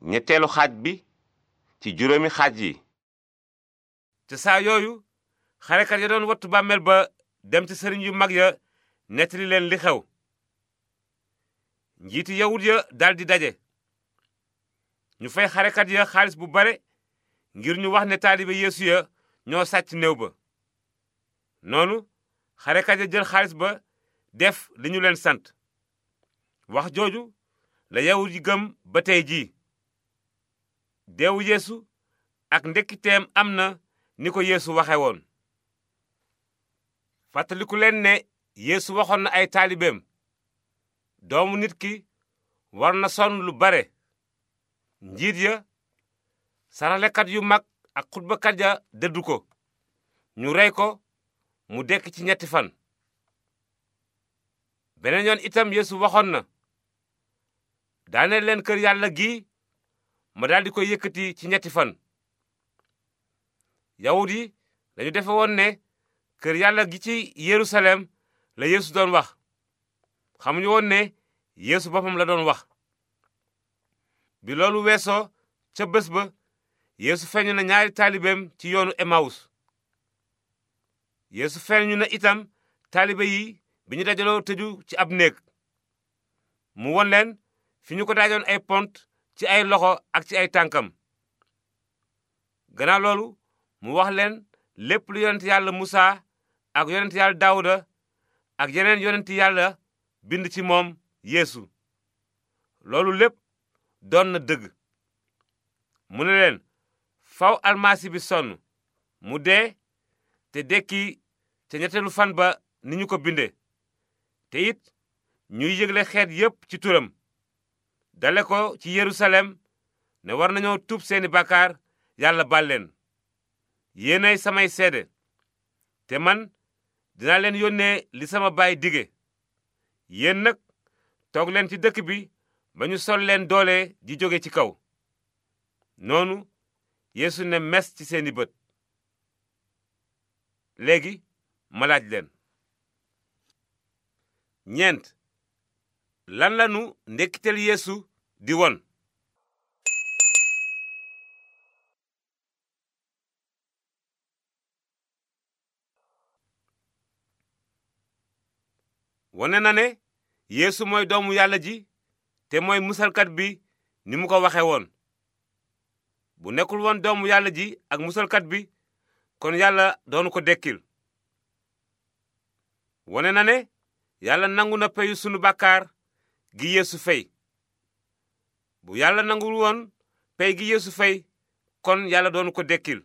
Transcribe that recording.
ñetteelu xaaj bi ci juróomi xaaj yi te saa yooyu xarekat ya doon wattu bàmmeel ba dem ci sëriñ yu mag ya nettali leen li xew njiiti yawut ya daldi daje ñu fay xarekat ya xaalis bu bare ngir ñu wax ne taalibe yeesu ya ñoo sàcc néew ba noonu xarekat ya jël xaalis ba def li ñu leen sant wax jooju la yawut yi gëm ba tey jii deewu yéesu ak ndekkiteem am na ni ko yéesu waxe woon fàttaliku leen ne yéesu waxoon na ay taalibeem doomu nit ki war na sonn lu bare njiit ya saralekat yu mag ak xutbakat ya dëddu ko ñu rey ko mu dekk ci ñetti fan beneen yoon itam yeesu waxoon na daane leen kër yàlla gi ma daldi koy yëkkati ci ñetti fan yawut yi dañu defe woon ne kër yàlla gi ci yerusalem la yéesu doon wax xamuñu woon ne yeesu boppam la doon wax bi loolu weesoo ca bés ba yeesu feeñu na ñaari taalibeem ci yoonu emmaus yeesu feeñu na itam taalibe yi bi ñu dajaloo tëju ci ab néeg mu won fi ñu ko daajoon ay pont ci ay loxo ak ci ay tànkam gannaaw loolu mu wax leen lépp lu yonent yàlla musa ak yonent yàlla daawuda ak yeneen yonent yàlla bind ci moom yéesu loolu lépp doon na dëgg mu ne leen faw almasi bi sonn mu dee te dekki te ñetteelu fan ba ni ñu ko binde te it ñuy yëgle xeet yépp ci turam dale ko ci yerusalem ne war nañoo tuub seeni bàkkaar yàlla baal leen yéenay samay seede te man dinaa leen yónnee li sama baay dige yéen nag toog leen ci dëkk bi ba ñu sol leen doole ji jóge ci kaw noonu yeesu ne mes ci seeni bët léegi ma laaj leen ñeent lan lanu ndekkiteel yeesu di wane na ne yéesu mooy doomu yàlla ji te mooy musalkat bi ni mu ko waxe woon bu nekkul woon doomu yàlla ji ak musalkat bi kon yàlla doonu ko dekkil wane na ne yàlla nangu na peyu sunu bàkkaar gi yeesu fey bu yàlla nangul woon pay gi yeesu fay kon yàlla doon ko dekkil